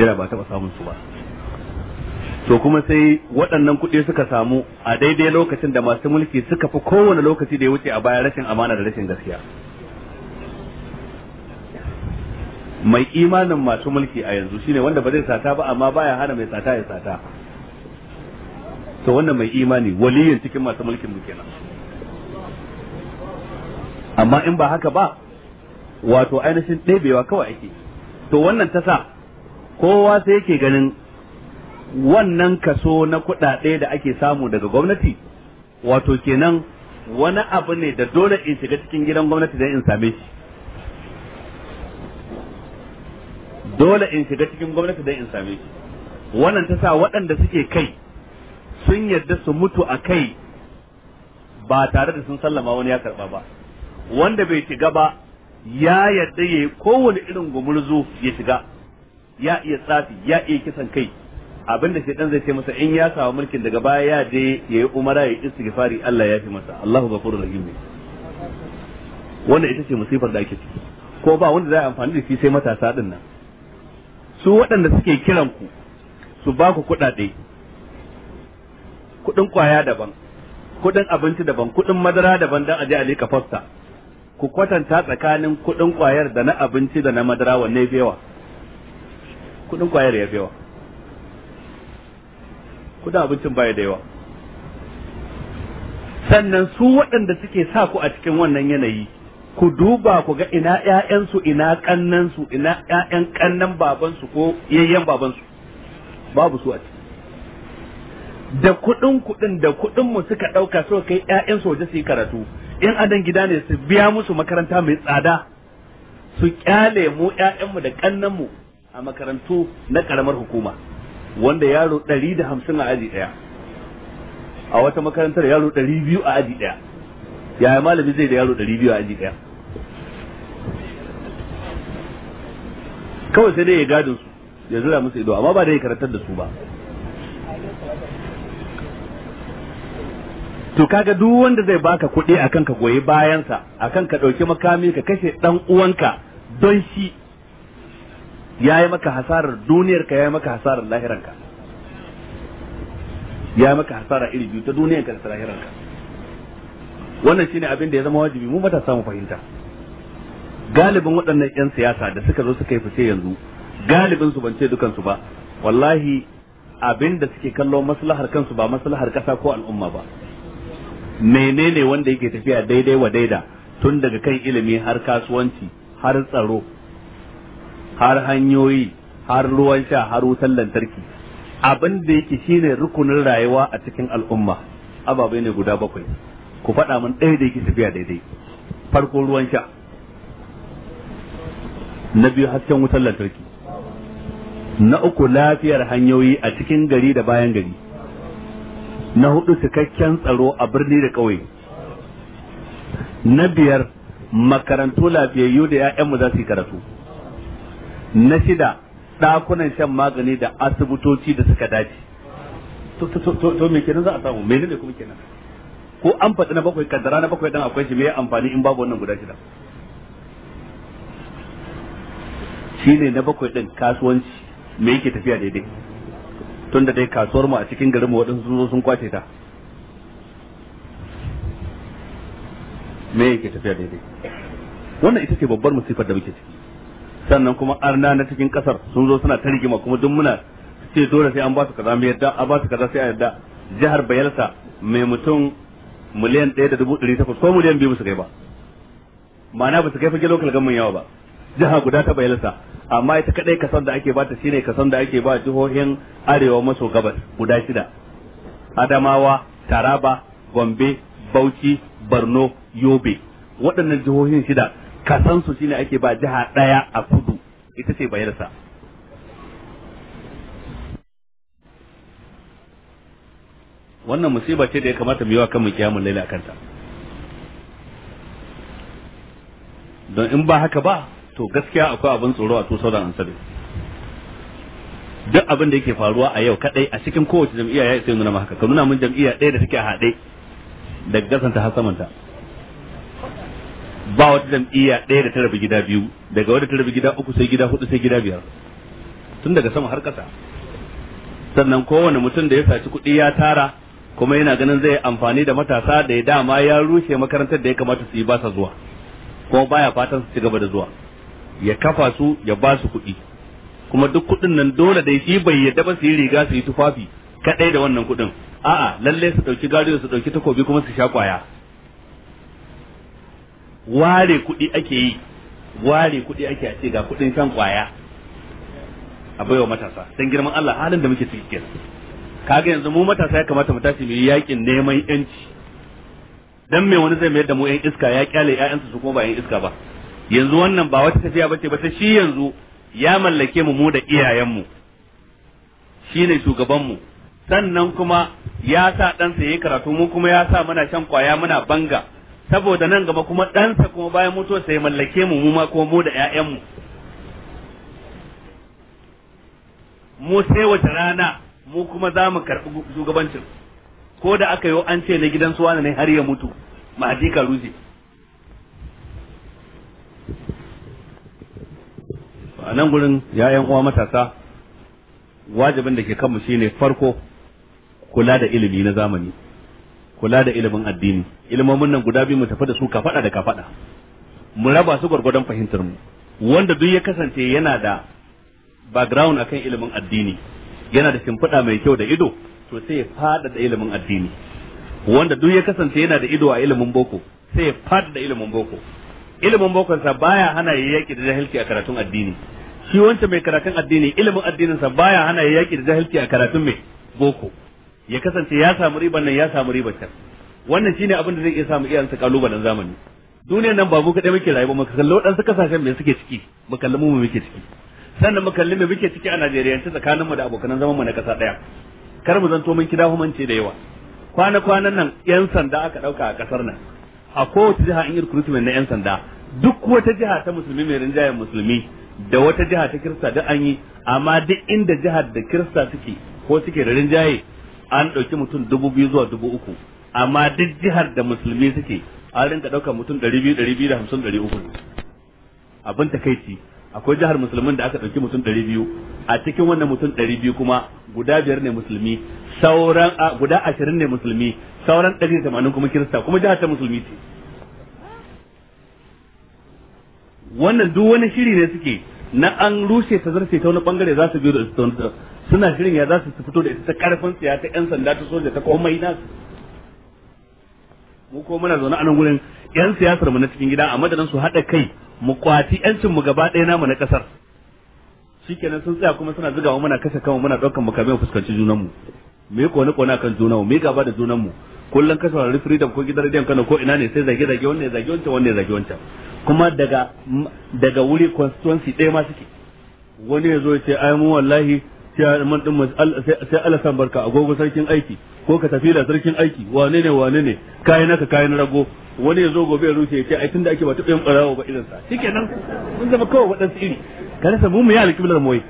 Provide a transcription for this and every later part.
Jira ba taɓa samun su ba to kuma sai waɗannan kuɗi suka samu a daidai lokacin da masu mulki suka fi kowane lokaci da ya wuce a baya rashin amana da rashin gaskiya mai imanin masu mulki a yanzu shine wanda ba zai sata ba amma baya hana mai sata ya sata to wannan mai imani waliyin cikin masu mulkin muke na amma in ba haka ba wato ainihin ɗebewa kawai ake to wannan ta sa kowa sai yake ganin wannan kaso na kuɗaɗe da ake samu daga gwamnati wato kenan wani abu ne da dole in shiga cikin gidan gwamnati don in same shi dole in shiga cikin gwamnati don in same shi wannan ta sa waɗanda suke kai sun yarda su mutu a kai ba tare da sun sallama wani ya karɓa ba wanda bai shiga ba ya yarda ya yi kowane irin gumurzu ya shiga ya iya tsafi ya iya kisan kai abinda shaitan zai ce masa in ya samu mulkin daga baya ya je ya yi umara ya istighfari Allah ya fi masa Allahu ghafurur rahim ne wannan ita ce musibar da ake ciki ko ba wanda zai amfani da shi sai matasa din nan su waɗanda suke kiran ku su ba ku kuɗaɗe kuɗin kwaya daban kuɗin abinci daban kuɗin madara daban dan aje a leka fasta ku kwatanta tsakanin kuɗin kwayar da na abinci da na madara wanne yawa kudin kwayar ya yawa kudin abincin baya da yawa sannan su waɗanda suke sa ku a cikin wannan yanayi ku duba ku ga ina ƴaƴansu ina kannansu ina ƴaƴan kannan babansu ko yayyen babansu babu su a ciki da kuɗin kuɗin da kuɗin mu suka ɗauka so kai ƴaƴansu waje su yi karatu in adan gida ne su biya musu makaranta mai tsada su kyale mu ƴaƴanmu da mu. a makarantu na karamar hukuma wanda yaro ɗari da hamsin a aji ɗaya a wata makarantar yaro ɗari biyu a aji ɗaya yaya malami zai da yaro ɗari biyu a aji ɗaya kawai sai dai ya gadin su ya zura musu ido amma ba da ya karantar da su ba to kaga duk wanda zai baka kuɗi akan ka goyi bayansa akan ka ɗauki makami ka kashe ɗan uwanka don shi ya yi maka hasarar duniyarka ya yi maka hasarar lahiranka ya yi maka hasara iri biyu ta duniyarka da lahiranka wannan shine abin da ya zama wajibi mu matasa mu fahimta galibin waɗannan 'yan siyasa da suka zo suka yi fice yanzu galibin su ban ce dukansu ba wallahi abin da suke kallo maslahar kansu ba maslahar ƙasa ko al'umma ba menene wanda yake tafiya daidai wa daida tun daga kan ilimi har kasuwanci har tsaro har hanyoyi har ruwan sha har wutar lantarki abin da yake shine rukunin rayuwa a cikin al'umma ababai ne guda bakwai ku faɗa min ɗaya da yake tafiya daidai farko ruwan sha na biyu hasken wutar lantarki na uku lafiyar hanyoyi a cikin gari da bayan gari na hudu cikakken tsaro a birni da ƙauye na biyar makarantu lafiyayyu da 'ya'yanmu za su yi karatu na shida ɗakunan shan magani da asibitoci da suka dace to me kenan za a samu Me ne kuma kenan ko an faɗi na bakwai kaddara na bakwai dan akwai shi me amfani in babu wannan guda shida shi ne na bakwai din kasuwanci me yake tafiya daidai tun da dai kasuwar mu a cikin garin mu waɗansu sun zo sun kwace ta me yake tafiya daidai wannan ita ce babbar musifar da muke ciki sannan kuma arna na cikin kasar sun zo suna ta rigima kuma duk muna ce dole sai an ba su kaza mai yadda a ba su kaza sai a yadda jihar bayelsa mai mutum miliyan ɗaya da dubu ɗari takwas ko miliyan biyu su kai ba ma'ana ba su kai fage lokal gamin yawa ba jiha guda ta bayelsa amma ita kaɗai kasan da ake ta shine kasan da ake ba jihohin arewa maso gabas guda shida adamawa taraba gombe bauchi borno yobe waɗannan jihohin shida kasansu shine ake ba jiha ɗaya a ita ce bayarsa wannan musiba ce da ya kamata mu yi wa kanmu kiyamun laila kanta don in ba haka ba to gaskiya akwai abin tsoro a 2007 duk abin da yake faruwa a yau kadai a cikin kowace jam'iyya ya isa nuna haka ka nuna mun jam'iyya ɗaya da take a haɗe daga gasanta har samanta ba wata jam'iyya ɗaya da ta rabu gida biyu daga wadda ta rabi gida uku sai gida hudu sai gida biyar tun daga sama har kasa sannan kowane mutum da ya saci kuɗi ya tara kuma yana ganin zai amfani da matasa da ya dama ya rushe makarantar da ya kamata su yi ba sa zuwa kuma baya fatan su ci gaba da zuwa ya kafa su ya ba su kuɗi kuma duk kuɗin nan dole da shi bai yadda ba su yi riga su yi tufafi kaɗai da wannan kuɗin a'a lalle su ɗauki gado su ɗauki takobi kuma su sha kwaya ware kuɗi ake yi ware kuɗi ake a ce ga kuɗin shan ƙwaya. a baiwa matasa don girman Allah halin da muke ciki kenan kaga yanzu mu matasa ya kamata mu tashi mu yi yakin neman yanci dan me wani zai mayar da mu yan iska ya kyale ƴaƴansu su kuma ba yan iska ba yanzu wannan ba wata tafiya bace ba ta shi yanzu ya mallake mu mu da iyayenmu shine shugaban mu sannan kuma ya sa ɗansa yayi karatu mu kuma ya sa muna shan kwaya muna banga saboda nan gaba kuma ɗansa kuma bayan mutuwa sai mallake mu mu ma kuma mu da 'ya'yanmu mu sai wace rana mu kuma za mu karɓi shugabancin ko da aka yi an ce na gidan su wani ne har ya mutu mahadi ruje. a nan gurin ya'yan uwa matasa wajibin da ke kanmu shine farko kula da ilimi na zamani kula da ilimin addini ilimomin nan guda biyu mu tafi da su kafada da kafada mu raba su gwargwadon fahimtar mu wanda duk ya kasance yana da background akan ilimin addini yana da shimfiɗa mai kyau da ido to sai ya da ilimin addini wanda duk ya kasance yana da ido a ilimin boko sai ya da ilimin boko ilimin bokonsa baya hana ya yaƙi da jahilci a karatun addini shi wancan mai karatun addini ilimin addinin sa baya hana ya yaƙi da jahilci a karatun mai boko ya kasance ya samu riban nan ya samu riban can wannan shine abin da zai iya samu iyayensa kalubalen zamani duniyar nan ba mu kadai muke rayuwa muka kalli waɗansu kasashen me suke ciki mu kalli mu muke ciki sannan mu kalli me muke ciki a Najeriya ta tsakanin mu da abokan zaman mu na kasa daya kar mu zanto mun kida humance da yawa kwana kwanan nan yan sanda aka dauka a kasar nan a kowace jiha in recruitment na yan sanda duk wata jiha ta musulmi mai rinjayen musulmi da wata jiha ta kirista duk an yi amma duk inda jihar da kirista suke ko suke da rinjaye an ɗauki mutum dubu biyu zuwa dubu uku amma duk jihar da musulmi suke an rinka ɗaukar mutum ɗari biyu ɗari biyu da hamsin ɗari uku abin takaici akwai jihar musulmin da aka ɗauki mutum ɗari biyu a cikin wannan mutum ɗari biyu kuma guda biyar ne musulmi sauran guda ashirin ne musulmi sauran ɗari da tamanin kuma kirista kuma jihar ta musulmi ce wannan duk wani shiri ne suke na an rushe ta zarce ta wani bangare za su biyo da suna shirin ya za su fito da ita ta karfin siya ta yan sanda ta soja ta komai nasu mu ko muna zaune a nan gurin yan siyasar mu na cikin gida a madadin su haɗa kai mu kwati yancin mu gaba ɗaya namu na ƙasar shikenan sun tsaya kuma suna zugawa muna kashe kanmu muna ɗaukan kamar fuskanci junanmu mu yi kone kone kan junanmu mu yi gaba da junanmu kullum kashe wa freedom ko gidan rediyon Kano ko ina ne sai zage zage wanne zage wancan wanne zage wancan kuma daga daga wuri constituency ɗaya ma suke wani ya zo ya ce ai mu wallahi sai alasan barka agogo sarkin aiki ko ka tafi da sarkin aiki wane ne wane ne kayan naka na rago wani ya zo gobe ya rufe ya ce ai tunda ake ba taɓa yin ɓarawo ba ke shikenan mun zama kawai waɗansu iri ka rasa mu mu yi alƙiblar moyi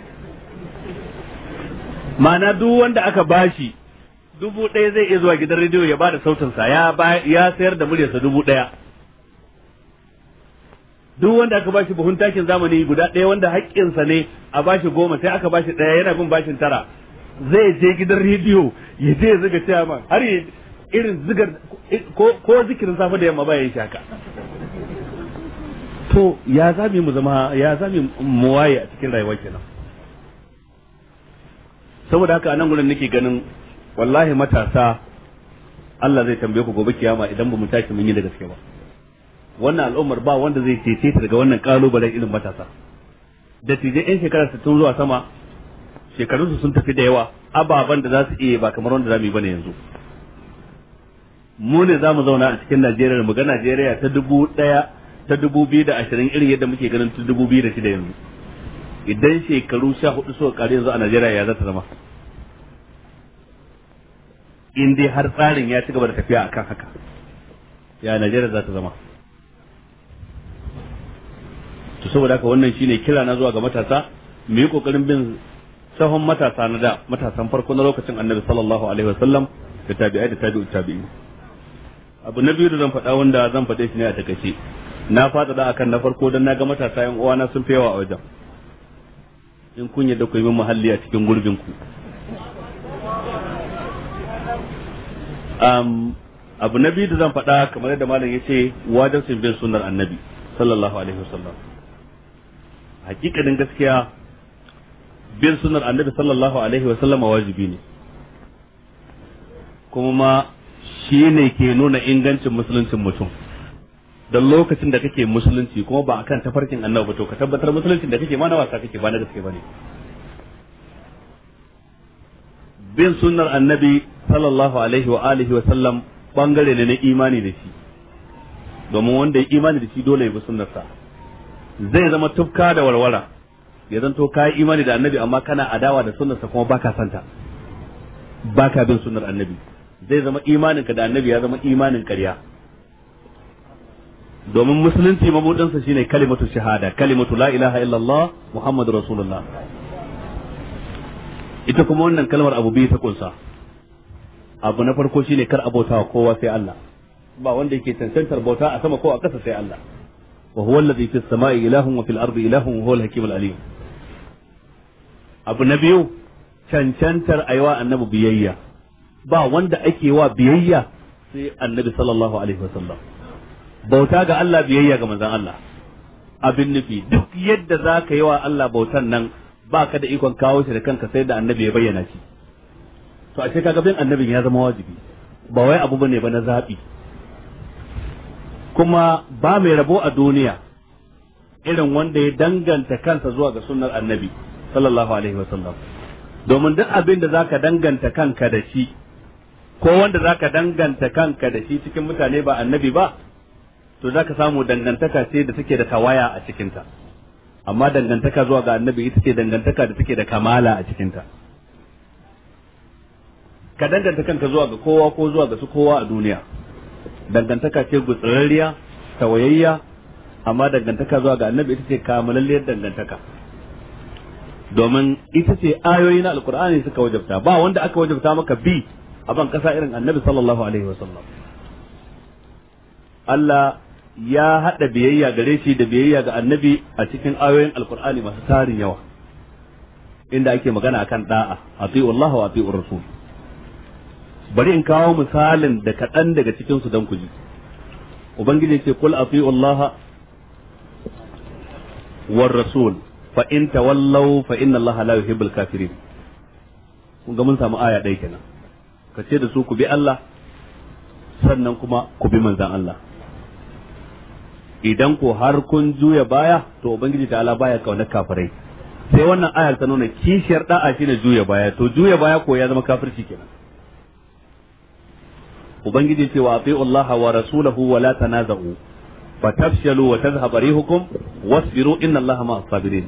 ma'ana duk wanda aka bashi dubu ɗaya zai iya zuwa gidan rediyo ya ba da sautinsa ya sayar da muryarsa dubu ɗaya duk wanda aka bashi buhun takin zamani guda ɗaya wanda haƙƙinsa ne a bashi goma sai aka bashi ɗaya yana bin bashin tara zai je gidan rediyo ya je zuga cewa har irin zigar ko zikirin safe da yamma ba ya yi shaka to ya zami mu zama ya zami mu waye a cikin rayuwar kenan saboda haka anan gurin nake ganin wallahi matasa Allah zai tambaye ku gobe kiyama idan ba mu tashi mun yi da gaske ba wannan al'ummar ba wanda zai cece ta daga wannan kalubalen irin matasa da tije yan shekara tun zuwa sama shekarunsu sun tafi da yawa ababen da za su iya ba kamar wanda za mu yi bane yanzu mu ne za mu zauna a cikin Najeriya mu ga Najeriya ta dubu ɗaya ta dubu biyu da ashirin irin yadda muke ganin ta dubu biyu da shida yanzu idan shekaru sha hudu suka kare yanzu a Najeriya ya za ta zama in dai har tsarin ya ci gaba da tafiya akan haka ya Najeriya za ta zama to saboda haka wannan shine kira na zuwa ga matasa mu yi kokarin bin sahon matasa na da matasan farko na lokacin annabi sallallahu alaihi wasallam da tabi'ai da tabi'u tabi'i abu na biyu da zan faɗa wanda zan faɗe shi ne a takaice na da akan na farko don naga matasa yan uwana sun fi yawa a wajen in kun yadda ku yi min muhalli a cikin gurbin ku um, abu na biyu da zan faɗa kamar yadda malam ya ce wajen sun bin sunnar annabi sallallahu alaihi wasallam hakikanin gaskiya bin sunar annabi sallallahu alaihi wa sallama wajibi ne kuma ma shi ne ke nuna ingancin musuluncin mutum don lokacin da kake musulunci kuma ba akan tafarkin annabi ba to ka tabbatar musuluncin da kake ma na wasa kake ba na gaske ne bin sunnar annabi sallallahu alaihi wa alihi wa sallam bangare ne na imani da shi domin wanda ya imani da shi dole ya bi sunnarsa zai zama tufka da walwala ya zanto ka yi imani da annabi amma kana adawa da sunnarsa kuma baka santa baka bin sunnar annabi zai zama imaninka da annabi ya zama imanin karya. domin musulunci mabudinsa shine kalimatu shahada kalimatu la ilaha illallah muhammadu rasulullah ita kuma wannan kalmar abu biyu ta kunsa abu na farko shine kar a abota kowa sai Allah ba wanda yake tantantar bauta a sama ko a ƙasa sai Allah wa huwa alladhi fis sama'i ilahun wa fil ardi wa huwa hakim al abu na biyu cancantar aiwa annabi biyayya ba wanda ake wa biyayya sai annabi sallallahu alaihi wasallam bauta ga Allah biyayya ga manzon Allah abin nufi duk yadda za ka yi wa Allah bautan nan ba ka da ikon kawo shi da kanka sai da annabi ya bayyana shi to ashe ce kaga bin annabin ya zama wajibi ba wai abu ne ba na zaɓi kuma ba mai rabo a duniya irin wanda ya danganta kansa zuwa ga sunnar annabi sallallahu alaihi wasallam domin duk abin da zaka danganta kanka da shi ko wanda zaka danganta kanka da shi cikin mutane ba annabi ba to zaka samu dangantaka ce da take da tawaya a cikinta amma dangantaka zuwa ga annabi ita ce dangantaka da take da kamala a cikinta ka danganta kanka zuwa ga kowa ko zuwa ga su kowa a duniya dangantaka ce gutsararriya tawayayya amma dangantaka zuwa ga annabi ita ce kamalalliyar dangantaka domin ita ce ayoyi na alkur'ani suka wajabta ba wanda aka wajabta maka bi a ban kasa irin annabi sallallahu alaihi wasallam Allah ya haɗa biyayya gare shi da biyayya ga annabi a cikin ayoyin alkur'ani masu tarin yawa inda ake magana akan da'a ati'u Allah wa ati'ur rasul bari in kawo misalin da kaɗan daga cikin su dan ku ji ubangiji ce kul atiu allaha war rasul fa in tawallaw fa inna allaha la yuhibbul kafirin kun ga mun samu aya ɗaya kenan ka ce da su ku bi Allah sannan kuma ku bi manzan Allah idan ko har kun juya baya to ubangiji ala baya kaunar kafirai sai wannan ayar ta nuna kishiyar da'a shine juya baya to juya baya ko ya zama kafirci kenan ubangiji ce wa ati'u Allah wa rasulahu wa la tanazahu fatafshalu wa tadhhaba rihukum wasbiru inna Allah ma'as sabirin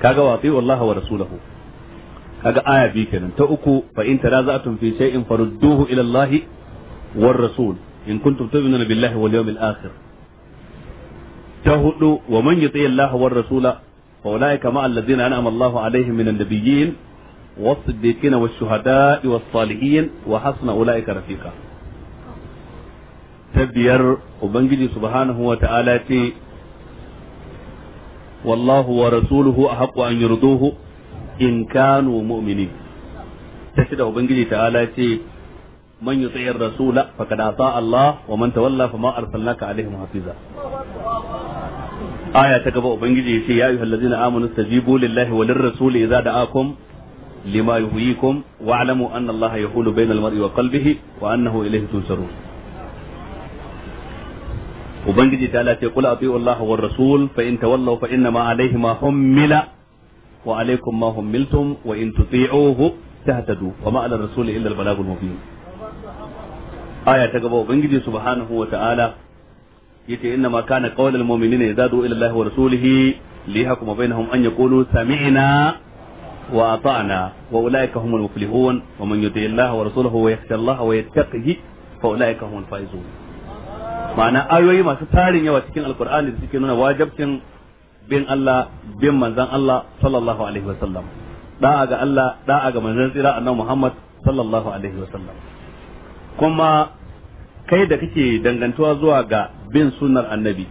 kaga wa ati'u Allah wa rasulahu kaga aya bi kenan ta uku fa in tanaza'tum fi shay'in farudduhu ila Allah war rasul in kuntum tu'minuna billahi wal yawmil akhir ta hudu wa man yuti Allah war rasula fa ulaika ma alladhina an'ama Allah alaihim minan nabiyyin والصديقين والشهداء والصالحين وحسن أولئك رفيقا ta biyar ubangiji subhanahu wa ta'ala ce wallahu wa rasuluhu a haƙƙo an yurduhu in kanu mu'minin ta shida ubangiji ta'ala ce man yuti rasula faqad ata Allah wa man tawalla fama arsalnaka alaihim hafiza aya ta gaba ubangiji yace ya yi ayyuhallazina amanu stajibu lillahi walir rasuli idza da'akum لما يحييكم واعلموا أن الله يحول بين المرء وقلبه وأنه إليه تنشرون ubangiji ta lati kula abi Allah wa rasul fa in tawallu fa inna ma alayhi ma hummila wa alaykum ma hummiltum wa in tuti'uhu tahtadu wa ma ala rasul illa al balagul mubin aya ta gaba ubangiji subhanahu wa ta'ala yace inna ma kana qawl al mu'minina idza ila Allah wa rasulihi liyahkuma bainahum an yaqulu sami'na wa ata'na wa ulaika humul muflihun wa man yuti Allah wa rasulahu wa yakhsha Allah wa yattaqihi fa ulaika humul faizun ma'ana ayoyi masu tarin yawa cikin alkur'ani da suke nuna wajabcin bin Allah bin manzan Allah sallallahu alaihi sallam. da'a ga Allah da'a ga manzan tsira annabi Muhammad sallallahu alaihi sallam. kuma kai da kake dangantuwa zuwa ga bin sunnar annabi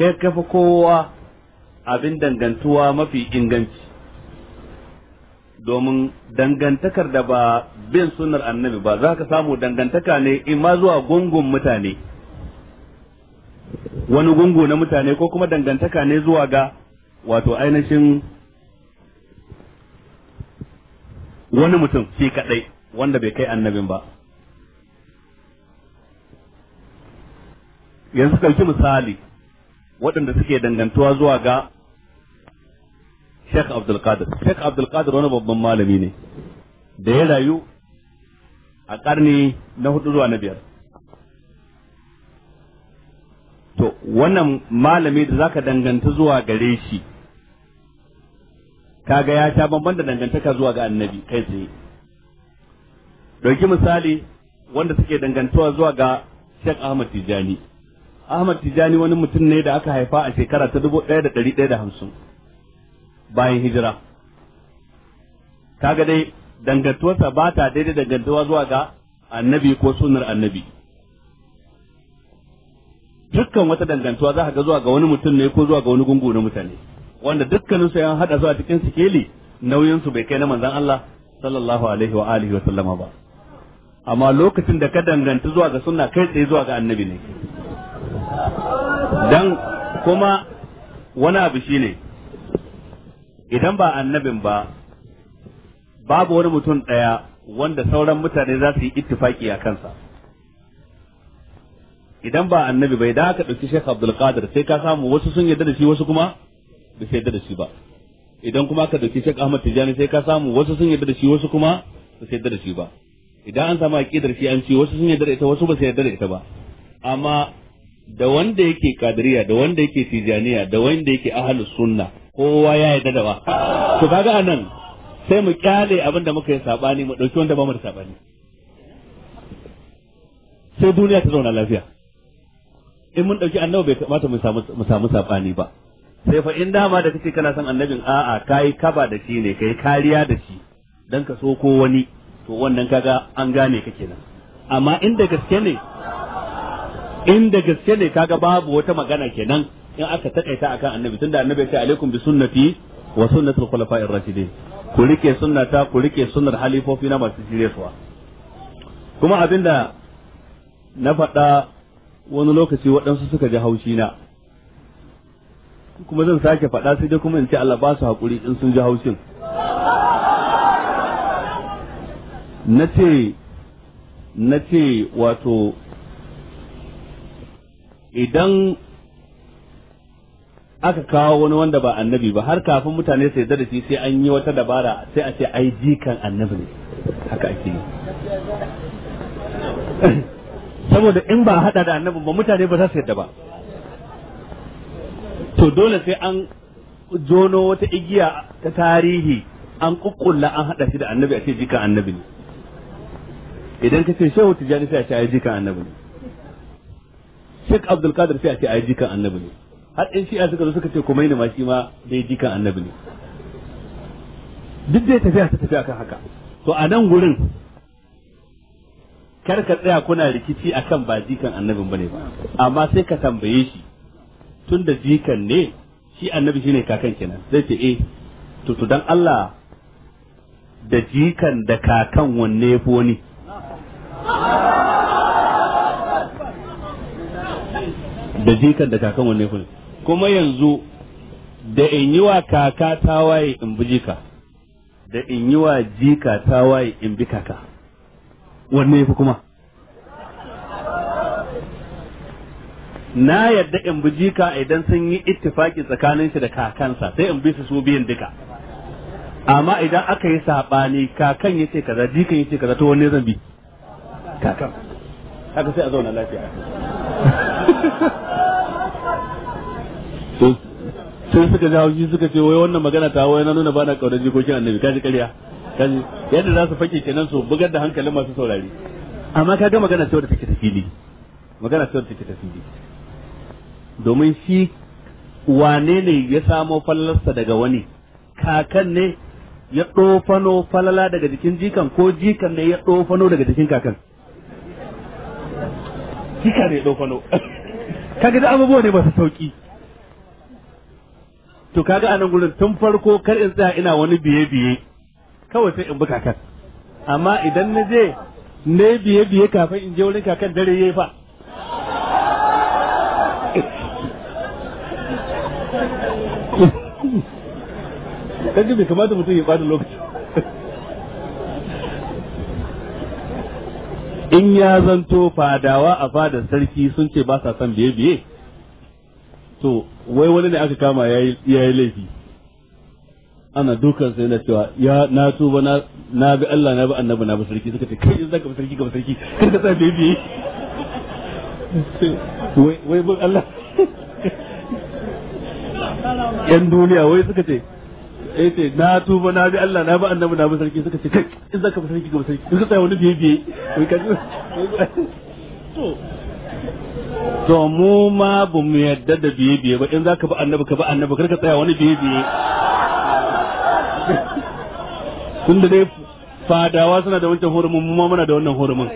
kai kafa kowa abin dangantuwa mafi inganci domin dangantakar da ba bin sunnar annabi ba za ka samu dangantaka ne in ma zuwa gungun mutane wani gungu na mutane ko kuma dangantaka ne zuwa ga wato ainihin wani mutum shi kaɗai wanda bai kai annabin ba yanzu ɗauki misali waɗanda suke dangantuwa zuwa ga Sheikh Abdul Qadir. Sheikh Abdul Qadir wani babban malami ne da ya rayu a ƙarni na hudu zuwa na biyar to wannan malami da zaka danganta zuwa gare shi kaga ya ta bamban da dangantaka zuwa ga annabi kai tsaye dauki misali wanda suke dangantuwa zuwa ga Sheikh Ahmad Tijani Ahmad Tijani wani mutum ne da aka haifa a shekara ta 1150 bayan hijira kaga dai dangantuwarsa ba ta daidai dangantuwa zuwa ga annabi ko sunar annabi dukkan wata dangantuwa za ka ga zuwa ga wani mutum ne ko zuwa ga wani gungu na mutane wanda dukkanin su yan hada zuwa cikin sikeli nauyin su bai kai na manzon Allah sallallahu alaihi wa alihi wa sallama ba amma lokacin da ka danganta zuwa ga sunna kai tsaye zuwa ga annabi ne dan kuma wani abu shine idan ba annabin ba babu wani mutum daya wanda sauran mutane za su yi ittifaki a kansa idan ba annabi bai da aka ɗauki Sheikh Abdul Qadir sai ka samu wasu sun yarda da shi wasu kuma ba su yarda da shi ba idan kuma aka ɗauki Sheikh Ahmad Tijani sai ka samu wasu sun yarda da shi wasu kuma ba su yarda da shi ba idan an samu aqidar shi an ci wasu sun yarda da ita wasu ba su yarda da ita ba amma da wanda yake kadiriya da wanda yake tijaniya da wanda yake ahlus sunna kowa ya yarda da ba to kaga anan sai mu kyale abin da muka yi sabani mu dauki wanda ba mu da sabani sai duniya ta zauna lafiya in mun ɗauki annabi bai kamata mu samu mu samu sabani ba sai fa in dama da kace kana son annabin a'a kayi kaba da shi ne kai kariya da shi dan ka so ko wani to wannan kaga an gane ka kenan amma inda gaske ne inda gaske ne kaga babu wata magana kenan in aka takaita akan annabi tunda annabi ya alaikum bi sunnati wa al khulafa'ir rashidin ku rike sunnata ku rike sunnar halifofi na masu jiresuwa kuma abinda na faɗa wani lokaci waɗansu suka ji haushi na kuma zan sake faɗa sai dai kuma in ce Allah ba su haƙuri in sun ji haushin na ce na ce wato idan aka kawo wani wanda ba annabi ba har kafin mutane sai da shi sai an yi wata dabara sai a ce ai jikan annabi ne haka ake yi saboda in ba hada da annabi ba mutane ba za su yadda ba to dole sai an jono wata igiya ta tarihi an kukkulla an hada shi da annabi a ce jikan annabi ne idan ka ce shehu tijani sai a ce yi jikan annabi ne shek Abdul kadir sai a ce yi jikan annabi ne har in shi'a suka zo suka ce kuma ma shi ma dai jikan annabi ne duk dai tafiya ta tafiya kan haka to a nan gurin kar ka tsaya kuna rikici akan ba jikan annabin bane ba amma sai ka tambaye shi tun da jikan ne shi annabi shine kakan kenan zai ce eh to to dan Allah da jikan da kakan wanne yafi wani da jikan da kakan wanne yafi kuma yanzu da in yi wa kaka tawaye in bi jika da in yi wa jika tawaye in bi kaka wanne yafi kuma na yadda in bi jika idan sun yi ittifaki tsakanin shi da kakansa sai in bi su su biyan duka amma idan aka yi sabani kakan yace kaza jikan yace kaza to wanne zan bi kakan haka sai a zauna lafiya sai suka jawo shi suka ce wai wannan magana ta wai na nuna bana kaunar jikokin annabi kaji karya kan yadda za su fake kenan su bugar da hankalin masu saurari amma kaga magana ce wadda take tafili magana ce wadda take tafili domin shi wane ne ya samo fallarsa daga wani kakan ne ya ɗofano falala daga jikin jikan ko jikan ne ya ɗofano daga jikin kakan jika ne ya ɗofano kaga da abubuwa ne masu sauki to kaga anan gurin tun farko kar in tsaya ina wani biye-biye kawai sai in bi kakan amma idan na je ne biye biye kafin in je wurin kakan dare yayi fa kaji bai kamata mutum ya bada lokaci in ya zanto fadawa a fadar sarki sun ce ba sa son biye biye to wai wani ne aka kama ya yi laifi ana dukan sai na cewa ya na tuba na na bi Allah na bi annabi na bi sarki suka ce kai zaka bi sarki ka bi sarki kar ka sa bebe wai wai bin Allah yan duniya wai suka ce eh ce na tuba na bi Allah na bi annabi na bi sarki suka ce kai in zaka bi sarki ka bi sarki suka tsaya wani bebe wai ka to mu ma bu mu yadda da biye biye ba in zaka bi annabi ka bi annabi kar ka tsaya wani biye biye tun da dai fadawa suna da wancan hurumin mu muna da wannan hurumin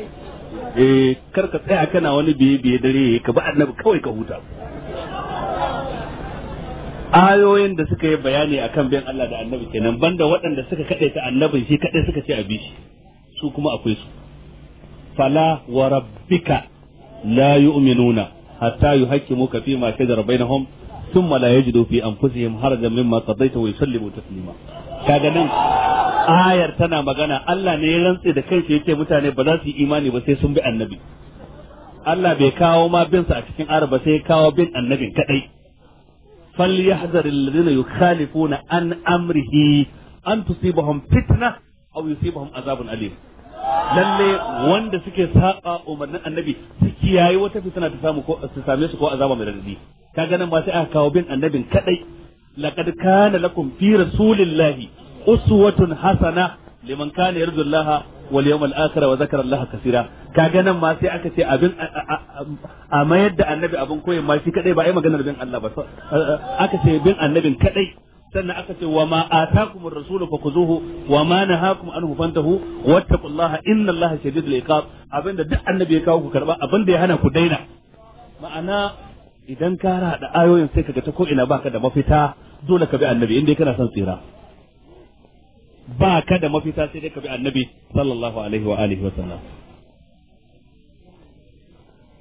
eh kar ka tsaya kana wani biye biye dare ka ba annabi kawai ka huta ayoyin da suka yi bayani akan bin Allah da annabi kenan banda waɗanda suka kaɗai ta annabin shi kaɗai suka ce a bi shi su kuma akwai su fala wa rabbika la yu'minuna hatta ka fi ma shajara bainahum thumma la yajidu fi anfusihim harajan mimma qadaita wa yusallimu taslima kaga nan ayar tana magana Allah ne ya rantse da kanshi yake mutane ba za su yi imani ba sai sun bi annabi Allah bai kawo ma bin sa a cikin ayar ba sai ya kawo bin annabin kadai فليحذر alladhina yukhalifuna an amrihi an tusibahum fitna aw yusibahum azabun alim lalle wanda suke saba umarnin annabi su yayi wata fitna ta samu ko su same su ko azaba mai radadi kaga nan ba sai aka kawo bin annabin kadai laqad kana lakum fi rasulillahi uswatun hasana liman kana yarju Allah wal wa zakara Allah kaseera kaga nan ma sai aka ce a mayar da annabi abin koyin ma shi kadai ba ai maganar bin Allah ba aka ce bin annabin kadai sannan aka ce wa ma atakumur rasul fa khuzuhu wa ma nahakum anhu fantahu wattaqullaha inna Allah shadidul iqab abinda duk annabi ya kawo ku karba abinda ya hana ku daina ma'ana idan ka da ayoyin sai kaga ta ko ina baka da mafita dole ka bi annabi inda kana son tsira ba ka da mafita sai dai ka bi annabi sallallahu alaihi wa alihi wa sallam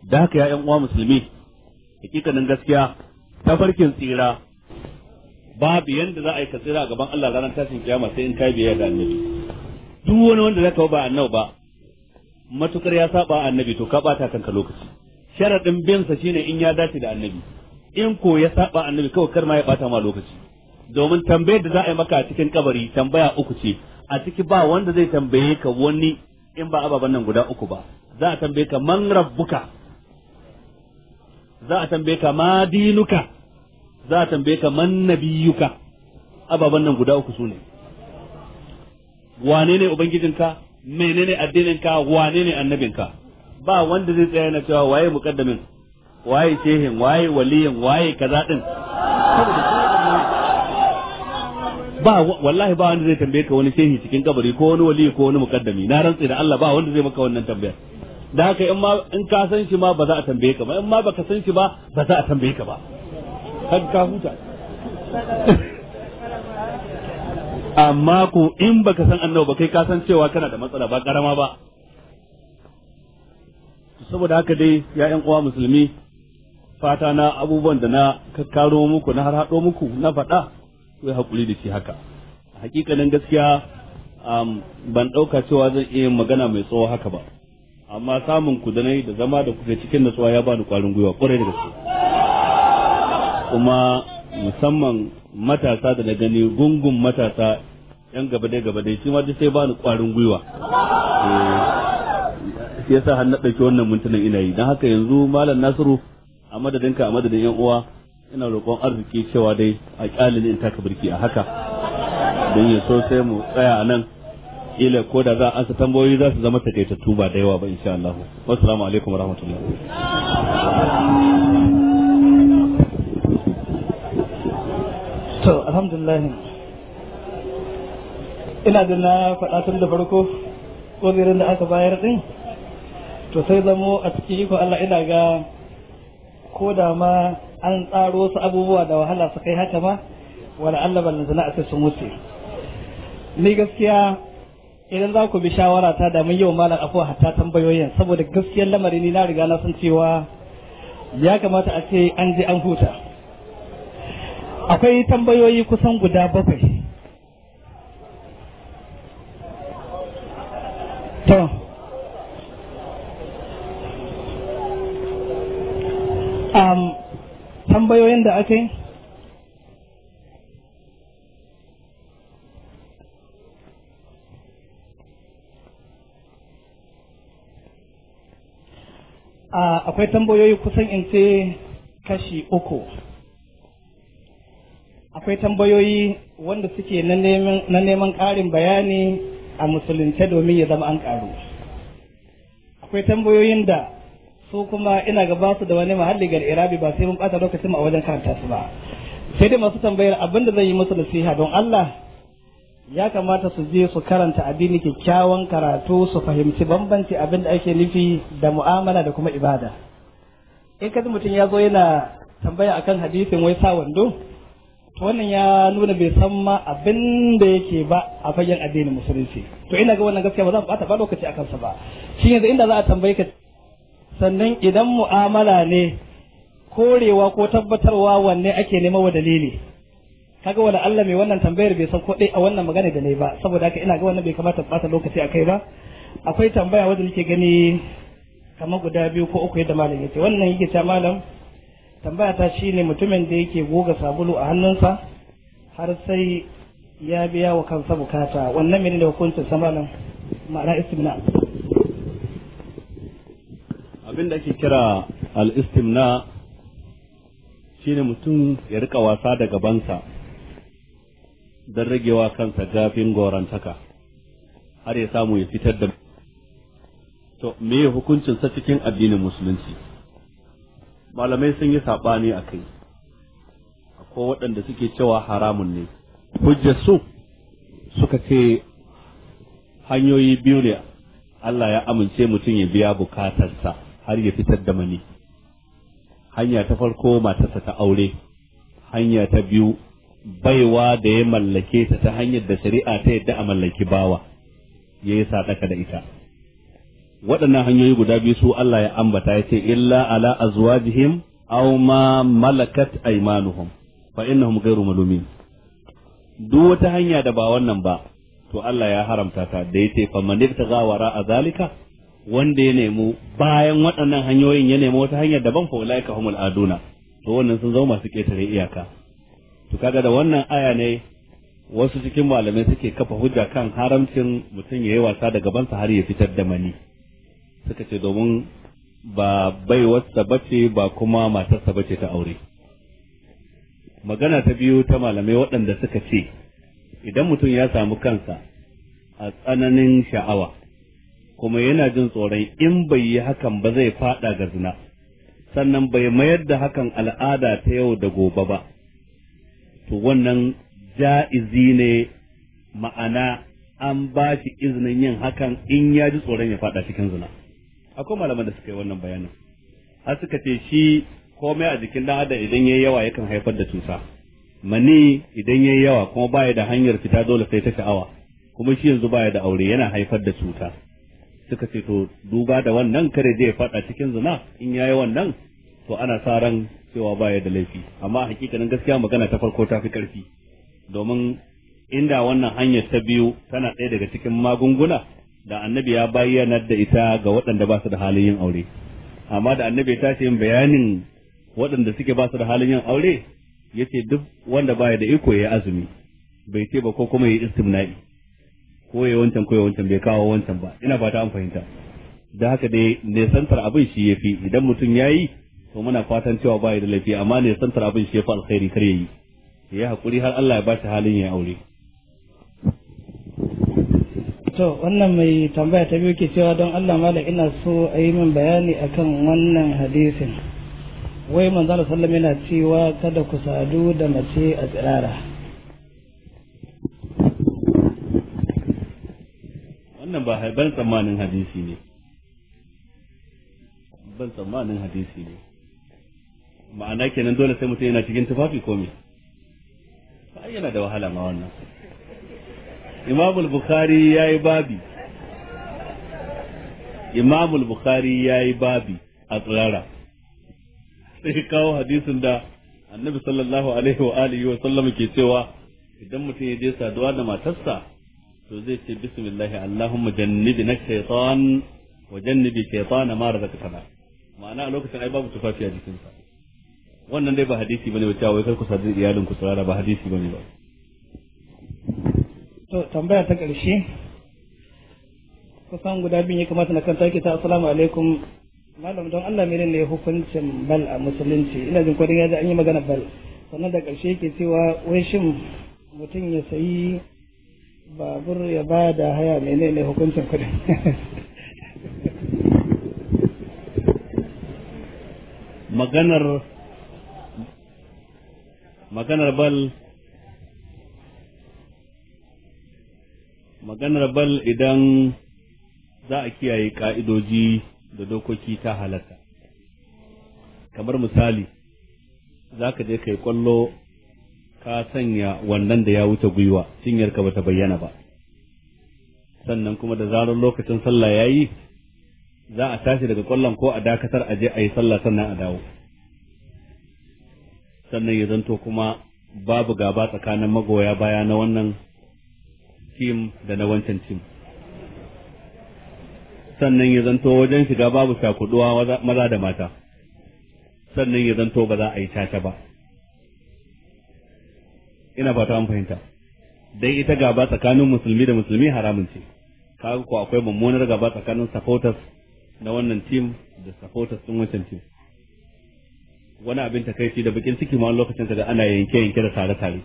da haka ya uwa musulmi hakikanin gaskiya tafarkin tsira babu yanda za a yi ka tsira a gaban Allah ranar tashin kiyama sai in kai biya da annabi duk wani wanda zaka ba annabi ba matukar ya saba annabi to ka bata kanka lokaci sharadin bin sa shine in ya dace da annabi in ko ya saba annabi kawai kar ma ya bata ma lokaci domin tambayar da za a yi maka a cikin kabari tambaya uku ce a ciki ba wanda zai tambaye ka wani in ba ababen nan guda uku ba za a tambaye ka man rabbuka za a tambaye ka ma dinuka za a tambaye ka man nabiyuka ababen nan guda uku sune wane ne ubangijinka menene addininka wane ne annabinka ba wanda zai tsaya na cewa waye mukaddamin waye shehin waye waliyin waye kaza din ba wallahi ba wanda zai tambaye ka wani shehi cikin kabari ko wani wali ko wani mukaddami na rantsi da Allah ba wanda zai maka wannan tambayar da haka in ma in ka san shi ma ba za a tambaye ka ba in ma baka san shi ba ba za a tambaye ka ba har ka huta amma ko in baka san annabi ba kai ka san cewa kana da matsala ba karama ba saboda haka dai ya ƴan uwa musulmi fata na abubuwan da na kakkaro muku na har haɗo muku na faɗa ku haƙuri da shi haka hakikanin gaskiya ban ɗauka cewa zan iya magana mai tsawo haka ba amma samun ku da nai da zama da kuke cikin natsuwa ya bani kwarin gwiwa kwarai da gaske kuma musamman matasa da na gani gungun matasa yan gaba dai gaba dai shi ma duk sai bani kwarin gwiwa eh, shi yasa har na ɗauki wannan mintunan ina yi don haka yanzu malam nasiru a madadinka a madadin yan uwa ina roƙon arziki cewa dai a ƙyalin in taka birki a haka don yi sosai mu tsaya a nan ila ko da za a ansa tambayoyi za su zama takaitattu ba da yawa ba insha Allah assalamu alaikum warahmatullahi to alhamdulillah ina da na faɗa tun da farko ko da aka bayar din to sai zamo a cikin iko Allah ina ga ko da ma an tsaro wasu abubuwa da wahala su kai haka ma wala Allah na zana a sai sun wuce ni gaskiya idan za ku bi shawara ta da mun yi wa malam afuwa hatta tambayoyin saboda gaskiyar lamari ni na riga na san cewa ya kamata a ce an je an huta akwai tambayoyi kusan guda bakwai tambayoyin da aka yi akwai tambayoyi kusan in ce kashi uku akwai tambayoyi wanda suke na neman ƙarin bayani a musulunce domin ya zama an ƙaru akwai tambayoyin da su kuma ina ga ba su da wani mahalli ga irabi ba sai mun bata lokacin a wajen karanta su ba sai dai masu tambayar abin da zai yi musu nasiha don Allah ya kamata su je su karanta addini kyakkyawan karatu su fahimci bambanci abin da ake nufi da mu'amala da kuma ibada in kaji mutum ya zo yana tambaya akan hadisin wai sa wando wannan ya nuna bai san ma abin da yake ba a fagen addinin musulunci to ina ga wannan gaskiya ba za mu bata ba lokaci akan sa ba shi yanzu inda za a tambaye ka sannan idan mu'amala ne korewa ko tabbatarwa wanne ake nema wa dalili kaga wala Allah mai wannan tambayar bai san ko dai a wannan magana da nayi ba saboda haka ina ga wannan bai kamata bata lokaci akai ba akwai tambaya wanda nake gani kamar guda biyu ko uku yadda malam yake wannan yake ta malam tambaya ta shine mutumin da yake goga sabulu a hannunsa har sai ya biya wa kansa bukata wannan menene hukuncin sa malam ma'ana ismina abin da ake kira al'istimna shi shine mutum ya rika wasa da gabansa don ragewa kansa gafin gorantaka har ya samu ya fitar da to me hukuncin sa cikin addinin musulunci malamai sun yi saɓani a kai Ko waɗanda suke cewa haramun ne hujjar su suka ce hanyoyi biyu ne Allah ya amince mutum ya biya bukatarsa har ya fitar da mani hanya ta farko matarsa ta aure hanya ta biyu baiwa da ya mallake ta ta hanyar da shari'a ta yadda a mallaki bawa ya yi sadaka da ita waɗannan hanyoyi guda biyu su Allah ya ambata ya ce illa ala azwajihim aw ma malakat aymanuhum fa innahum ghayru malumin duk wata hanya da ba wannan ba to Allah ya haramta ta da yace fa man gawara a zalika wanda ya nemo bayan waɗannan hanyoyin ya nemo wata hanyar daban fa ulaika humul aduna to wannan sun zama masu ketare iyaka to kaga da wannan aya ne wasu cikin malamai suke kafa hujja kan haramcin mutum ya yi wasa da gabansa har ya fitar da mani suka ce domin ba baiwarsa bace ba kuma matarsa bace ta aure magana ta biyu ta malamai waɗanda suka ce idan mutum ya samu kansa a tsananin sha'awa kuma yana jin tsoron in bai yi hakan ba zai fada ga zina sannan bai mayar da hakan al'ada ta yau da gobe ba to wannan ja'izi ne ma'ana an ba shi izinin yin hakan in ya ji tsoron ya fada cikin zina akwai malaman da suka yi wannan bayanin har suka ce shi komai a jikin dan adam idan yayi yawa yakan haifar da cuta mani idan yayi yawa kuma baya da hanyar fita dole sai ta sha'awa kuma shi yanzu baya da aure yana haifar da cuta suka ce to duba da wannan kare zai faɗa cikin zina in yayi wannan to ana sa ran cewa baya da laifi amma hakikanin gaskiya magana ta farko ta fi ƙarfi domin inda wannan hanyar ta biyu tana ɗaya daga cikin magunguna da annabi ya bayyana da ita ga waɗanda ba su da halin yin aure amma da annabi ta ce yin bayanin waɗanda suke ba su da halin yin aure yace duk wanda baya da iko ya azumi bai ce ba ko kuma ya yi istimna'i koye wancan koye wancan bai kawo wancan ba ina fata an fahimta da haka dai nesantar abin shi ya fi idan mutum ya yi to muna fatan cewa ba da laifi amma ne nesantar abin shi ya fi alkhairi kar ya yi ya haƙuri har Allah ya ba shi halin ya aure. to wannan mai tambaya ta biyu ke cewa don Allah mala ina so a yi min bayani akan wannan hadisin wai manzala sallam yana cewa kada ku sadu da mace a tsirara wannan ba ban tsammanin hadisi ne ban tsammanin hadisi ne ma'ana kenan dole sai mutum yana cikin tufafi ko me ai yana da wahala ma wannan Imam bukhari yayi babi Imam bukhari yayi babi a tsirara sai kawo hadisin da Annabi sallallahu alaihi wa alihi wa sallam ke cewa idan mutum ya je saduwa da matarsa to zai ce bismillahi Allahumma jannibna shaytan wa jannibi shaytana ma razaqtana ma'ana a lokacin ai babu tufafi a jikinsa wannan dai ba hadisi bane wacce wai kar ku sadu iyalin ku tsara ba hadisi bane ba to tambaya ta ƙarshe kusan guda biyu ya kamata na kan take ta assalamu alaikum malam don Allah mene ne hukuncin bal a musulunci ina jin kwadin ji an yi magana bal sannan da ƙarshe yake cewa wai shin mutum ya sayi babur ya ba da haya menene hukuncin kudin maganar maganar bal maganar bal idan za a kiyaye ka'idoji da dokoki ta halatta kamar misali za ka je ka yi kwallo ka sanya wannan da ya wuce gwiwa cinyarka bata bayyana ba sannan kuma da zarar lokacin sallah yi za a tashi daga kwallon ko a dakatar a je a yi sallah sannan a dawo sannan ya zanto kuma babu gaba tsakanin magoya baya na wannan tim da na wancan tim sannan ya zanto wajen shiga babu shakuduwa maza da mata sannan ya zanto ba za a yi caca ba ina fata an fahimta dai ita gaba tsakanin musulmi da musulmi haramun ce kaga ko akwai mummunar gaba tsakanin supporters na wannan team da supporters din wancan team wani abin ta takaici da bakin ciki ma lokacin da ana yanke yanke da tare tare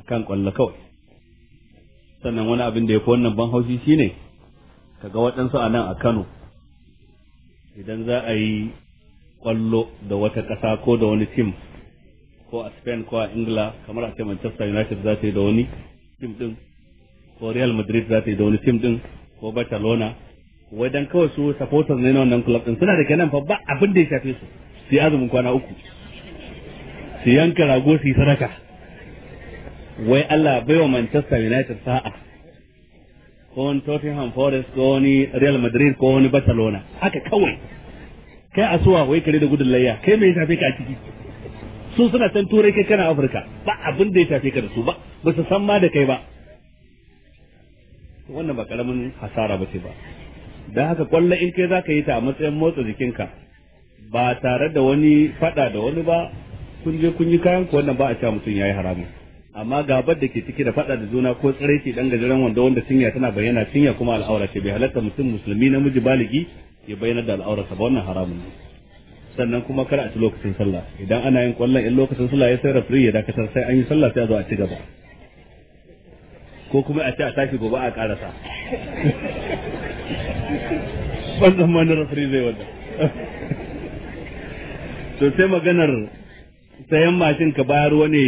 akan kwallo kawai sannan wani abin da ya fi wannan ban haushi shine kaga waɗansu a nan a Kano idan za a yi kwallo da wata ƙasa ko da wani tim ko a spain ko a ingila kamar a ce manchester united za ta yi da wani tim din ko real madrid za ta yi da wani tim din ko barcelona wai dan kawai su supporters ne na wannan club din suna da kenan fa ba abin da ya shafe su su yi azumin kwana uku su yanka rago su yi sadaka wai Allah baiwa Manchester United sa'a ko wani Tottenham Forest ko wani Real Madrid ko wani Barcelona haka kawai kai asuwa wai kare da gudun layya kai me shafe ka a ciki su suna san turai kai kana afirka ba abin da ya tafi ka da su ba ba su san ma da kai ba wannan ba karamin hasara ba ce ba da haka kwallo in kai za ka yi ta a matsayin motsa jikinka ba tare da wani fada da wani ba kun je kun yi kayan ku wannan ba a cewa mutum ya yi haramun amma gabar da ke ciki da fada da juna ko tsiraiti dan gajeren wanda wanda cinya tana bayyana cinya kuma al'aura ce bai halatta mutum musulmi namiji baligi ya bayyana da al'aurarsa ba wannan haramun ne sannan kuma kar a ci lokacin sallah idan ana yin kwallon in lokacin sallah ya sai referee ya dakatar sai an yi sallah sai a zo a ci gaba ko kuma a ci a tashi gobe a karasa ban tsammanin referee zai wanda to sai maganar sayan mashin ka bayar wani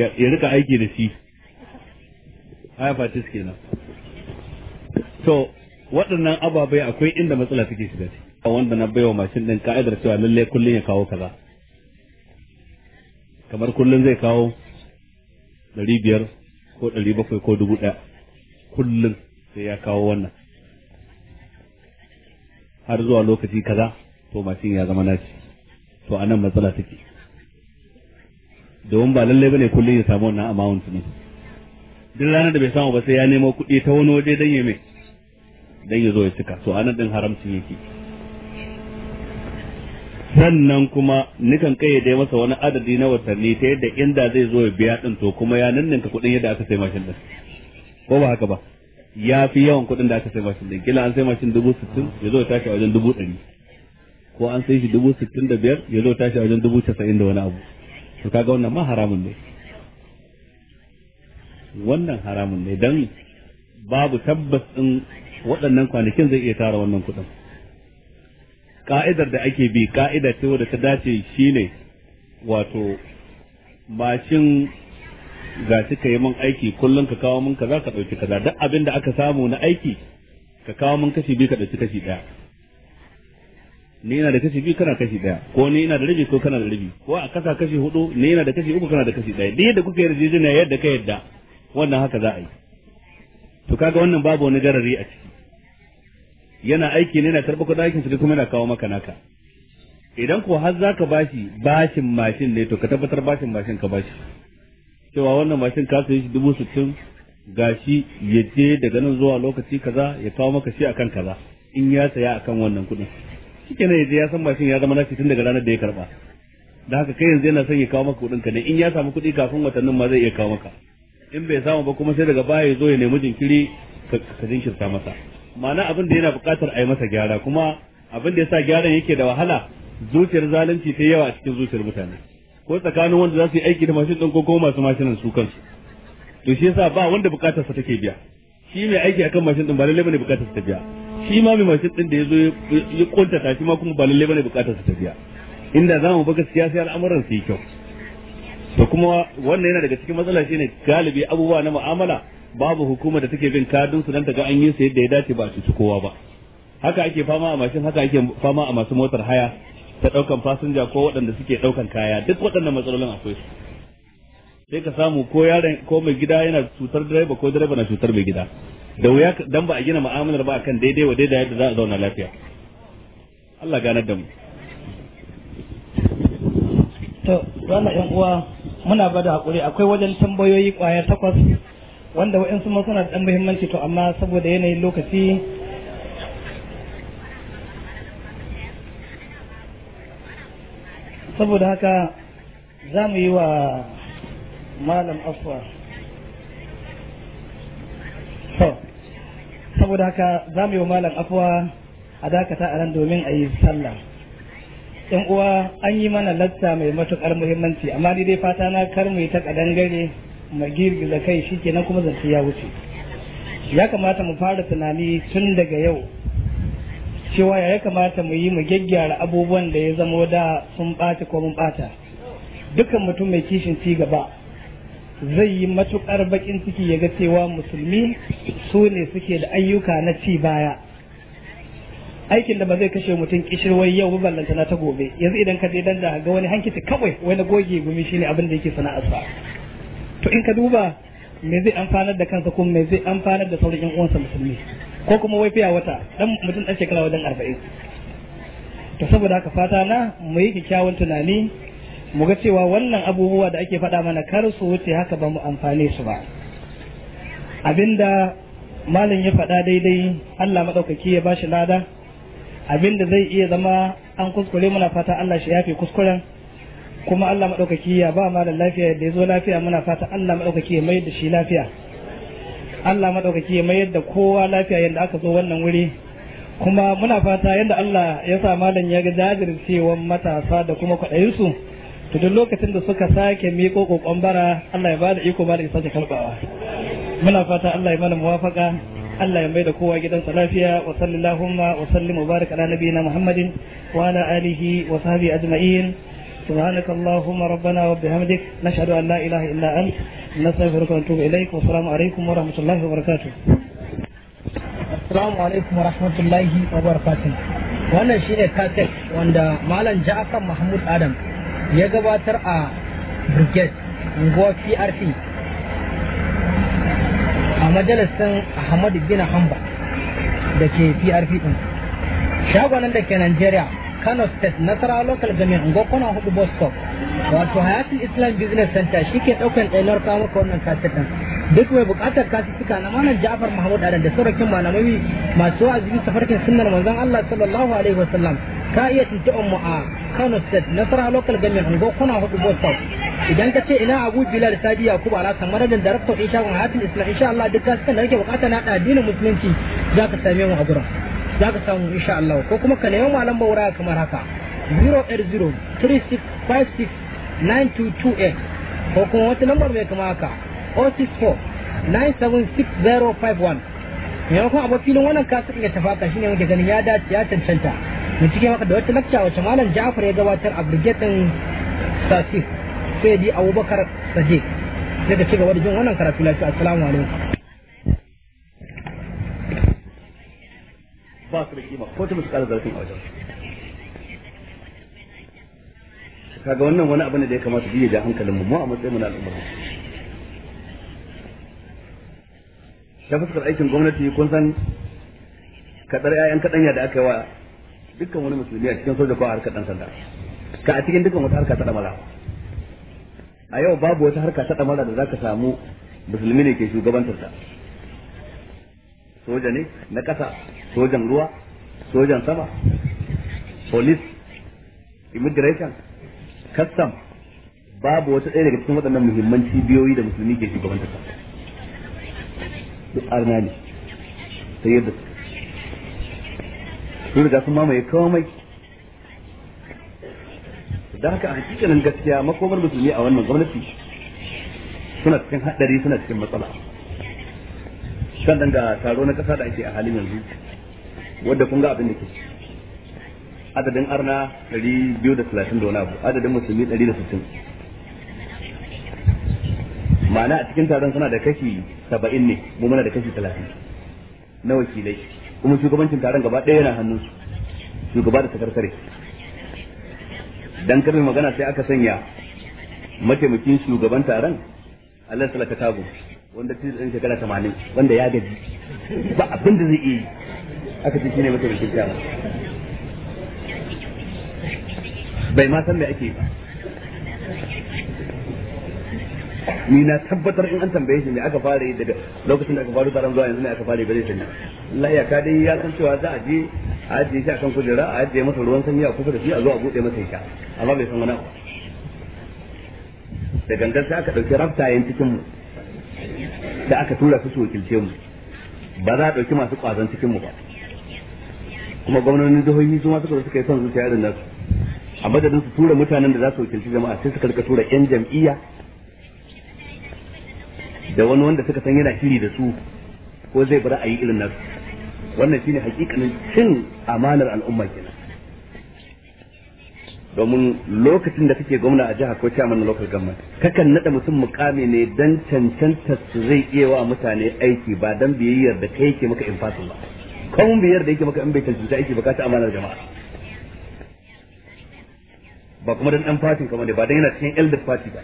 ya rika aiki da shi haya fatis kenan to waɗannan ababai akwai inda matsala take shiga ciki A wanda na baiwa mashin din ka'idar cewa lalle kullun ya kawo kaza kamar kullun zai kawo ɗari biyar ko ɗari bakwai ko dubu ɗaya kullun sai ya kawo wannan har zuwa lokaci kaza to mashin ya zama naci to a nan matsala take domin ba lallai bane kullun ya samu wannan amount ne duk ranar da bai samu ba sai ya nemo kuɗi ta wani waje don ya mai don ya zo ya cika to a nan din haramcin yake sannan kuma nikan kayyade masa wani adadi na watanni ta yadda inda zai zo ya biya din to kuma ya ninninka kuɗin yadda aka sai mashin din ko ba haka ba ya fi yawan kuɗin da aka sai mashin din kila an sai mashin dubu sittin ya zo tashi a wajen dubu ɗari ko an sai shi dubu sittin da biyar ya zo tashi a wajen dubu casa'in da wani abu to kaga wannan ma haramun ne wannan haramun ne dan babu tabbas din waɗannan kwanakin zai iya tara wannan kuɗin ka'idar da ake bi ka'ida ce wadda ta dace shi ne wato mashin ga su ka yi min aiki kullum ka kawo min kaza ka ɗauki kaza duk abin da aka samu na aiki ka kawo min kashi biyu ka ɗauki kashi ɗaya ni ina da kashi biyu kana kashi ɗaya ko ni ina da rabi ko kana da rabi ko a kasa kashi hudu ni ina da kashi uku kana da kashi ɗaya duk yadda kuka yarjejeniya yadda ka yadda wannan haka za a yi to kaga wannan babu wani garari a ciki yana aiki ne na karɓi kuɗin aikin kuma yana kawo maka naka idan ko har zaka bashi bashin mashin ne to ka tabbatar bashin mashin ka bashi cewa wannan mashin ka sayi shi dubu sittin gashi ya je daga nan zuwa lokaci kaza ya kawo maka shi akan kaza in ya saya akan wannan kuɗin shikenan ya je ya san mashin ya zama nashi tun daga ranar da ya karba da haka kai yanzu yana son ya kawo maka kuɗin ka ne in ya samu kuɗi kafin watannin ma zai iya kawo maka in bai samu ba kuma sai daga baya ya zo ya nemi jinkiri ka jinkirta masa ma'ana abin da yana buƙatar a yi masa gyara kuma abin da yasa gyaran yake da wahala zuciyar zalunci ta yawa a cikin zuciyar mutane ko tsakanin wanda za su yi aiki da mashin ɗin ko kuma masu mashinan su kansu to shi yasa ba wanda buƙatar sa take biya shi mai aiki akan mashin ɗin ba lallai bane buƙatar sa ta biya shi ma mai mashin ɗin da ya zo ya kuntata shi ma kuma ba lallai bane buƙatar sa ta biya inda za mu baka siyasa al'amuran su yi kyau to kuma wannan yana daga cikin matsala shine galibi abubuwa na mu'amala babu hukuma da take bin kadin su dan ta ga an yi su yadda ya dace ba su kowa ba haka ake fama a mashin haka ake fama a masu motar haya ta daukan fasinja ko waɗanda suke daukan kaya duk waɗannan matsalolin akwai su sai ka samu ko yaron ko mai gida yana cutar direba ko direba na cutar mai gida da wuya dan ba a gina mu'amalar ba akan daidai wa daidai yadda za a zauna lafiya Allah ganar da mu to wannan yan uwa muna bada hakuri akwai wajen tambayoyi kwaya takwas wanda wa'yansu ma suna da ɗan muhimmanci to amma saboda yanayin lokaci saboda haka za mu yi wa malam afuwa saboda haka za mu yi wa malam a dakata a nan domin a yi sallah yan uwa an yi mana latta mai matuƙar muhimmanci amma ni dai fata na kar mu yi ta ƙadangare. mai girgiza kai shi ke na kuma zance ya wuce ya kamata mu fara tunani tun daga yau cewa ya kamata mu yi mu gyaggyara abubuwan da ya zamo da sun ɓata ko mun ɓata dukan mutum mai kishin ci gaba zai yi matukar bakin ciki ya ga cewa musulmi su ne suke da ayyuka na ci baya aikin da ba zai kashe mutum kishirwai yau ballantana ta gobe yanzu idan ka je dan da ga wani hankiti kawai wani goge gumi shine abin da yake sana'arsa in ka duba me zai amfanar da kansa kuma me zai amfanar da sauran yan uwansa musulmi ko kuma wai fiya wata dan mutum dan shekara wajen arba'in to saboda haka fata na mu yi kyakkyawan tunani mu ga cewa wannan abubuwa da ake faɗa mana kar su wuce haka ba mu amfane su ba abinda malam ya faɗa daidai Allah maɗaukaki ya bashi lada abinda zai iya zama an kuskure muna fata Allah shi yafe kuskuren kuma Allah maɗaukaki ya ba malam lafiya da ya zo lafiya muna fata Allah maɗaukaki ya mayar da shi lafiya Allah maɗaukaki ya mayar da kowa lafiya yadda aka zo wannan wuri kuma muna fata yadda Allah ya sa malam ya ga jajircewan matasa da kuma kwaɗayinsu to duk lokacin da suka sake miƙo ƙoƙon bara Allah ya ba da iko malam ya sake karɓawa muna fata Allah ya mana muwafaka Allah ya mai da kowa gidansa lafiya wa sallallahu wa sallim wa baraka ala nabiyina Muhammadin wa ala alihi wa sahbihi ajma'in سبحانك اللهم ربنا وبحمدك نشهد أن لا إله إلا أنت نستغفرك ونتوب إليك والسلام عليكم ورحمة الله وبركاته السلام عليكم ورحمة الله وبركاته wannan shine kaset wanda malam ja'afar mahmud adam ya gabatar a brigade unguwar prc a majalisin ahmadu bin hamba da ke prp din shagonan da ke nigeria Kano State Nasara Local gamin Government kona Hudu Bus wato Hayatul Islam Business Center shi ke daukan ɗainar kawo maka wannan kasetan duk mai bukatar kasuka na malam Ja'far Mahmud Adam da saurakin malamai masu wa'azi safarkin sunnar manzon Allah sallallahu alaihi wasallam ka iya tuntuɓar mu a Kano State Nasara Local gamin Government kona Hudu Bus idan ka ce ina Abu Bilal Sadi Yakubu Alhassan madadin ɗin Isha Hayatul Islam insha Allah duk kasukan da kake bukata na addinin musulunci za ka same mu a gurin za ka samu insha Allah ko kuma ka nemi malam bauraya kamar haka 080 3656 9228 ko kuma wata lambar mai kama haka 064 mai maimakon abu filin wannan kasar ya tafaka shine wanda ganin ya dace ya cancanta mu cike maka da wata lakca wacce malam Ja'far ya gabatar a brigadin Sasif sai di Abubakar Sadiq sai ka ci da jin wannan karatu lafiya assalamu alaikum ba su da kima ko ta musu kara zarafin a wajen kaga wannan wani abu ne da ya kamata biye da hankalin mu a matsayin mu na al'umma ta fuskar aikin gwamnati kun san kadar ƴaƴan kadanya da aka yi wa dukkan wani musulmi a cikin soja ko a harkar dan sanda ka a cikin dukkan wata harka ta damala a yau babu wata harka ta damala da zaka samu musulmi ne ke shugabantar ta soja ne na ƙasa sojan ruwa sojan sama police immigration custom babu wata ɗaya daga cikin waɗannan muhimman cibiyoyi da musulmi ke shugaban ta duk arna ne sai yadda su riga sun mamaye komai da haka a hakikanin gaskiya makomar musulmi a wannan gwamnati suna cikin haɗari suna cikin matsala sannan ga taro na kasa da ake a halin yanzu wadda kun ga abin da ke adadin arna 230 da wani abu adadin musulmi 160 ma'ana a cikin taron suna da kashi 70 ne mu muna da kashi 30 na wakilai kuma shugabancin taron gaba ɗaya yana su shugaba da sakarkare dan karin magana sai aka sanya mataimakin shugaban taron Allah salaka tabu wanda tijo ɗan shekara tamanin wanda ya gaji ba abin da zai iya yi aka ce shi ne mataimakin ba. bai ma san me ake ba ni na tabbatar in an tambaye shi ne aka fara yi daga lokacin da aka fara taron zuwa yanzu ne aka fara yi bare sani Allah ka dai ya san cewa za a je a ajiye shi akan kujera a je masa ruwan sanyi a kusa da shi a zo a bude masa ita amma bai san wani abu da gangan sai aka dauki raftayen cikin mu da aka tura su su wakilce mu ba za a ɗauki masu ƙwazon cikin mu ba kuma gwamnonin jihohi su ma suka suka yi son zuciya irin nasu a madadin su tura mutanen da za su wakilci jama'a sai suka rika tura yan jam'iyya da wani wanda suka san yana shiri da su ko zai bar a yi irin nasu wannan shine hakikanin cin amanar al'umma kenan domin lokacin da kake gwamna a jiha ko chairman na local government kakan nada mutum mukami ne dan cancanta su zai iya wa mutane aiki ba dan biyayyar da kai yake maka infasin ba kawun biyar da yake maka in bai cancanta aiki ba ka ta da jama'a ba kuma dan dan fatin kuma ne ba dan yana cikin elder party ba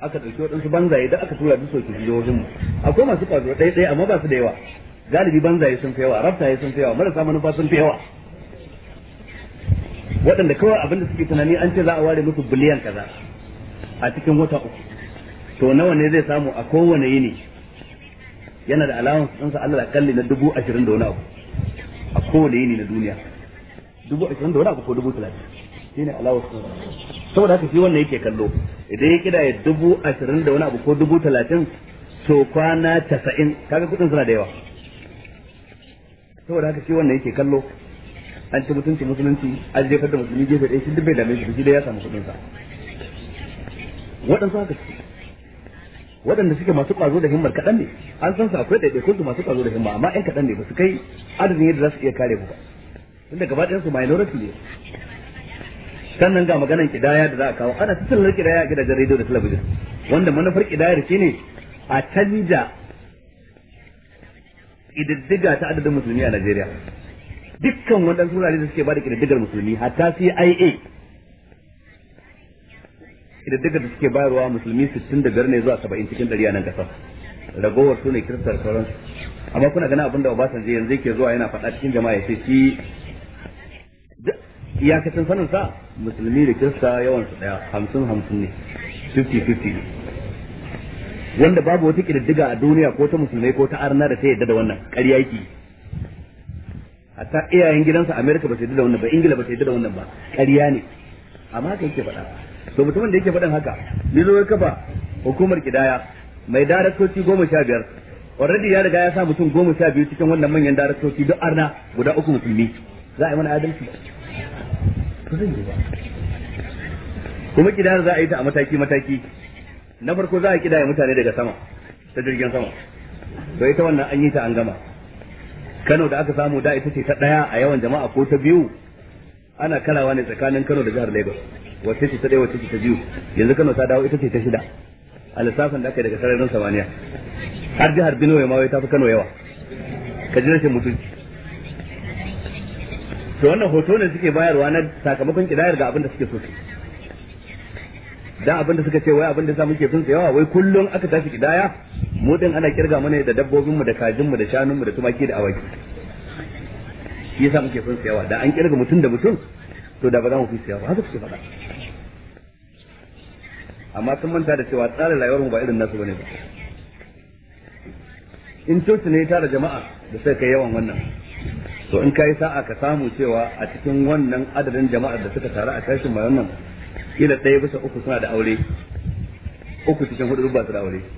aka ɗauki waɗansu banzaye da aka tura duk su wajen mu akwai masu kwazo ɗaya ɗaya amma ba su da yawa galibi banzaye sun fi yawa rabtaye sun fi yawa marasa manufa sun fi yawa waɗanda kawai abinda suke tunani an ce za a ware musu biliyan kaza a cikin wata uku to nawa ne zai samu a kowane yini yana da sun ɗansa Allah kalli na dubu ashirin da wani abu a kowane yini na duniya dubu ashirin da wani abu ko dubu talatin shi ne alawan ɗansa saboda haka shi wannan yake kallo idan ya kida ya dubu ashirin da wani abu ko dubu talatin to kwana tasa'in kaga kuɗin suna da yawa saboda haka shi wannan yake kallo an ci mutunci musulunci an jefar da musulmi gefe ɗaya shi duk bai dame shi shi ya samu kuɗin sa waɗansu haka suke waɗanda suke masu ƙwazo da himmar kaɗan ne an san su akwai ɗaiɗaikun su masu ƙwazo da himma amma ƴan kaɗan ne ba su kai adadin yadda za su iya kare ku ba tunda gaba ɗayan su minority ne sannan ga maganan kidaya da za a kawo ana tattalin kidaya a gidajen rediyo da talabijin wanda manufar kidayar ne a canja ƙididdiga ta adadin musulmi a Najeriya dukkan waɗansu wurare da suke ba da ƙididdigar musulmi hatta CIA ƙididdigar da suke bayarwa musulmi 65 ne zuwa 70 cikin ɗari a nan ƙasar ragowar su ne kiristar sauransu amma kuna ganin abin da Obasanjo yanzu yake zuwa yana faɗa cikin jama'a ya ce shi iyakacin sanin sa musulmi da kirista yawan su daya hamsin hamsin ne fifty fifty wanda babu wata ƙididdiga a duniya ko ta musulmai ko ta arna da ta yadda da wannan ƙarya yake hatta iyayen gidansa America ba su yi da wannan ba Ingila ba su yi da wannan ba ƙarya ne amma haka yake faɗa to mutumin da yake faɗan haka ni zo kafa hukumar kidaya mai daraktoci goma sha biyar already ya riga ya sa mutum goma sha biyu cikin wannan manyan daraktoci duk arna guda uku musulmi za a yi mana adalci to zai yi ba kuma kidayar za a yi ta a mataki mataki na farko za a kidaya mutane daga sama ta jirgin sama to ita wannan an yi ta an gama Kano da aka samu da ita ce ta daya a yawan jama'a ko ta biyu ana karawa ne tsakanin Kano da jihar Lagos wacce ce ta daya wacce ce ta biyu yanzu Kano ta dawo ita ce ta shida a lissafin da aka yi daga sararin samaniya har jihar Benue ma wai ta fi Kano yawa ka ji rashin mutunci to wannan hoto ne suke bayarwa na sakamakon kidayar ga abin da suke so dan abin da suka ce wai abin da sa muke fin tsayawa wai kullum aka tashi kidaya mu din ana kirga mana da dabbobin mu da kajin mu da shanun mu da tumaki da awaki shi yasa muke fin tsayawa da an kirga mutum da mutum to da ba za mu fi yawa haka suke faɗa amma sun manta da cewa tsara rayuwar mu ba irin nasu bane ba in coci ne tara jama'a da sai kai yawan wannan to in kai sa'a ka samu cewa a cikin wannan adadin jama'ar da suka taru a tashin bayan nan kila ɗaya bisa uku suna da aure uku cikin hudu ba su da aure